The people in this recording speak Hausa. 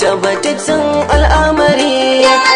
tabbataccen al'amari